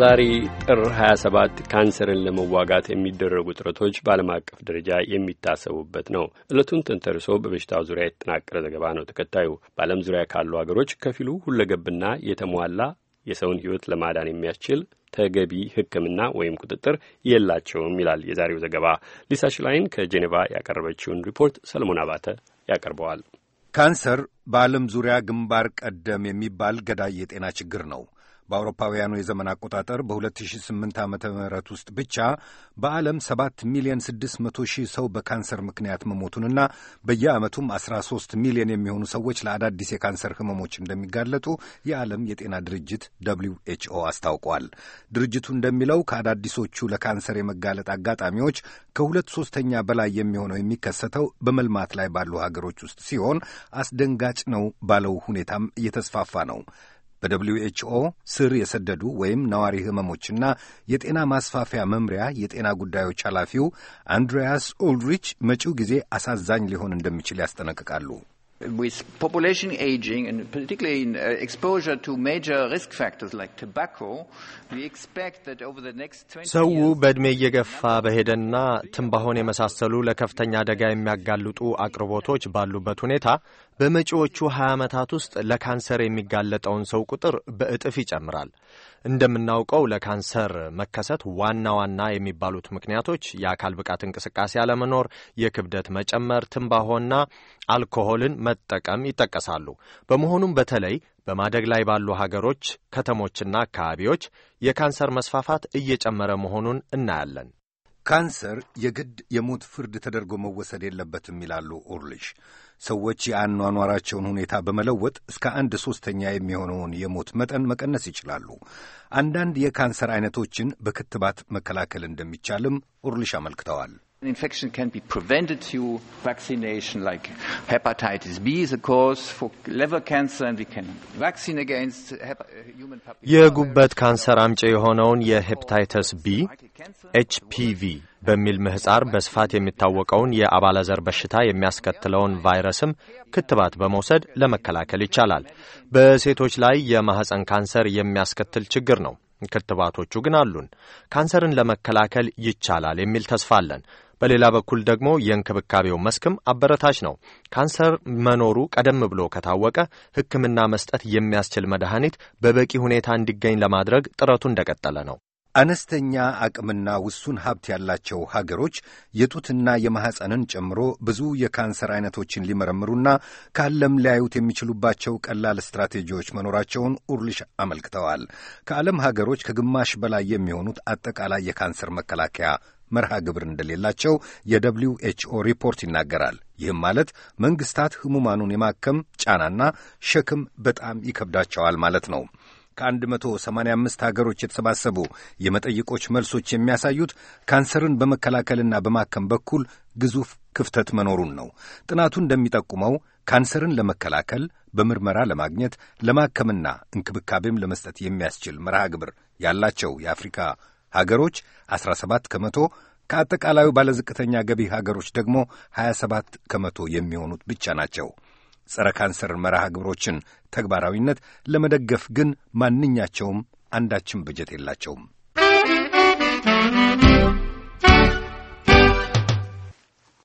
ዛሬ ጥር 27 ካንሰርን ለመዋጋት የሚደረጉ ጥረቶች በዓለም አቀፍ ደረጃ የሚታሰቡበት ነው። ዕለቱን ተንተርሶ በበሽታው ዙሪያ የተጠናቀረ ዘገባ ነው ተከታዩ። በዓለም ዙሪያ ካሉ አገሮች ከፊሉ ሁለገብና የተሟላ የሰውን ሕይወት ለማዳን የሚያስችል ተገቢ ሕክምና ወይም ቁጥጥር የላቸውም ይላል የዛሬው ዘገባ። ሊሳ ሽላይን ከጄኔቫ ያቀረበችውን ሪፖርት ሰለሞን አባተ ያቀርበዋል። ካንሰር በዓለም ዙሪያ ግንባር ቀደም የሚባል ገዳይ የጤና ችግር ነው። በአውሮፓውያኑ የዘመን አቆጣጠር በ2008 ዓ ም ውስጥ ብቻ በዓለም 7 ሚሊዮን 600 ሺህ ሰው በካንሰር ምክንያት መሞቱንና በየዓመቱም 13 ሚሊዮን የሚሆኑ ሰዎች ለአዳዲስ የካንሰር ህመሞች እንደሚጋለጡ የዓለም የጤና ድርጅት ደብሊው ኤች ኦ አስታውቋል። ድርጅቱ እንደሚለው ከአዳዲሶቹ ለካንሰር የመጋለጥ አጋጣሚዎች ከሁለት ሶስተኛ በላይ የሚሆነው የሚከሰተው በመልማት ላይ ባሉ ሀገሮች ውስጥ ሲሆን አስደንጋጭ ነው ባለው ሁኔታም እየተስፋፋ ነው። በደብሊው ኤችኦ ስር የሰደዱ ወይም ነዋሪ ህመሞችና የጤና ማስፋፊያ መምሪያ የጤና ጉዳዮች ኃላፊው አንድሪያስ ኦልድሪች መጪው ጊዜ አሳዛኝ ሊሆን እንደሚችል ያስጠነቅቃሉ። with population aging and particularly in, uh, exposure to major risk factors like tobacco, we expect that over the next 20 years... ሰው በዕድሜ እየገፋ በሄደና ትንባሆን የመሳሰሉ ለከፍተኛ አደጋ የሚያጋልጡ አቅርቦቶች ባሉበት ሁኔታ በመጪዎቹ 20 ዓመታት ውስጥ ለካንሰር የሚጋለጠውን ሰው ቁጥር በእጥፍ ይጨምራል። እንደምናውቀው ለካንሰር መከሰት ዋና ዋና የሚባሉት ምክንያቶች የአካል ብቃት እንቅስቃሴ አለመኖር፣ የክብደት መጨመር፣ ትንባሆና አልኮሆልን መጠቀም ይጠቀሳሉ። በመሆኑም በተለይ በማደግ ላይ ባሉ ሀገሮች ከተሞችና አካባቢዎች የካንሰር መስፋፋት እየጨመረ መሆኑን እናያለን። ካንሰር የግድ የሞት ፍርድ ተደርጎ መወሰድ የለበትም ይላሉ ኡርልሽ። ሰዎች የአኗኗራቸውን ሁኔታ በመለወጥ እስከ አንድ ሦስተኛ የሚሆነውን የሞት መጠን መቀነስ ይችላሉ። አንዳንድ የካንሰር አይነቶችን በክትባት መከላከል እንደሚቻልም ኡርልሽ አመልክተዋል። An infection can be prevented through vaccination, like hepatitis B is a cause for liver cancer, and we can vaccine against uh, human papilloma. የጉበት ካንሰር አምጪ የሆነውን የሄፓታይተስ ቢ HPV በሚል ምህጻር በስፋት የሚታወቀውን የአባለዘር በሽታ የሚያስከትለውን ቫይረስም ክትባት በመውሰድ ለመከላከል ይቻላል። በሴቶች ላይ የማህፀን ካንሰር የሚያስከትል ችግር ነው። ክትባቶቹ ግን አሉን። ካንሰርን ለመከላከል ይቻላል የሚል ተስፋ አለን። በሌላ በኩል ደግሞ የእንክብካቤው መስክም አበረታች ነው። ካንሰር መኖሩ ቀደም ብሎ ከታወቀ ሕክምና መስጠት የሚያስችል መድኃኒት በበቂ ሁኔታ እንዲገኝ ለማድረግ ጥረቱ እንደቀጠለ ነው። አነስተኛ አቅምና ውሱን ሀብት ያላቸው ሀገሮች የጡትና የማኅፀንን ጨምሮ ብዙ የካንሰር አይነቶችን ሊመረምሩና ከዓለም ሊያዩት የሚችሉባቸው ቀላል ስትራቴጂዎች መኖራቸውን ኡርልሽ አመልክተዋል። ከዓለም ሀገሮች ከግማሽ በላይ የሚሆኑት አጠቃላይ የካንሰር መከላከያ መርሃ ግብር እንደሌላቸው የደብሊው ኤችኦ ሪፖርት ይናገራል። ይህም ማለት መንግስታት ህሙማኑን የማከም ጫናና ሸክም በጣም ይከብዳቸዋል ማለት ነው። ከ185 ሀገሮች የተሰባሰቡ የመጠይቆች መልሶች የሚያሳዩት ካንሰርን በመከላከልና በማከም በኩል ግዙፍ ክፍተት መኖሩን ነው። ጥናቱ እንደሚጠቁመው ካንሰርን ለመከላከል በምርመራ ለማግኘት ለማከምና እንክብካቤም ለመስጠት የሚያስችል መርሃ ግብር ያላቸው የአፍሪካ ሀገሮች 17 ከመቶ ከአጠቃላዩ ባለዝቅተኛ ገቢ ሀገሮች ደግሞ 27 ከመቶ የሚሆኑት ብቻ ናቸው። ጸረ ካንሰር መርሃ ግብሮችን ተግባራዊነት ለመደገፍ ግን ማንኛቸውም አንዳችም በጀት የላቸውም።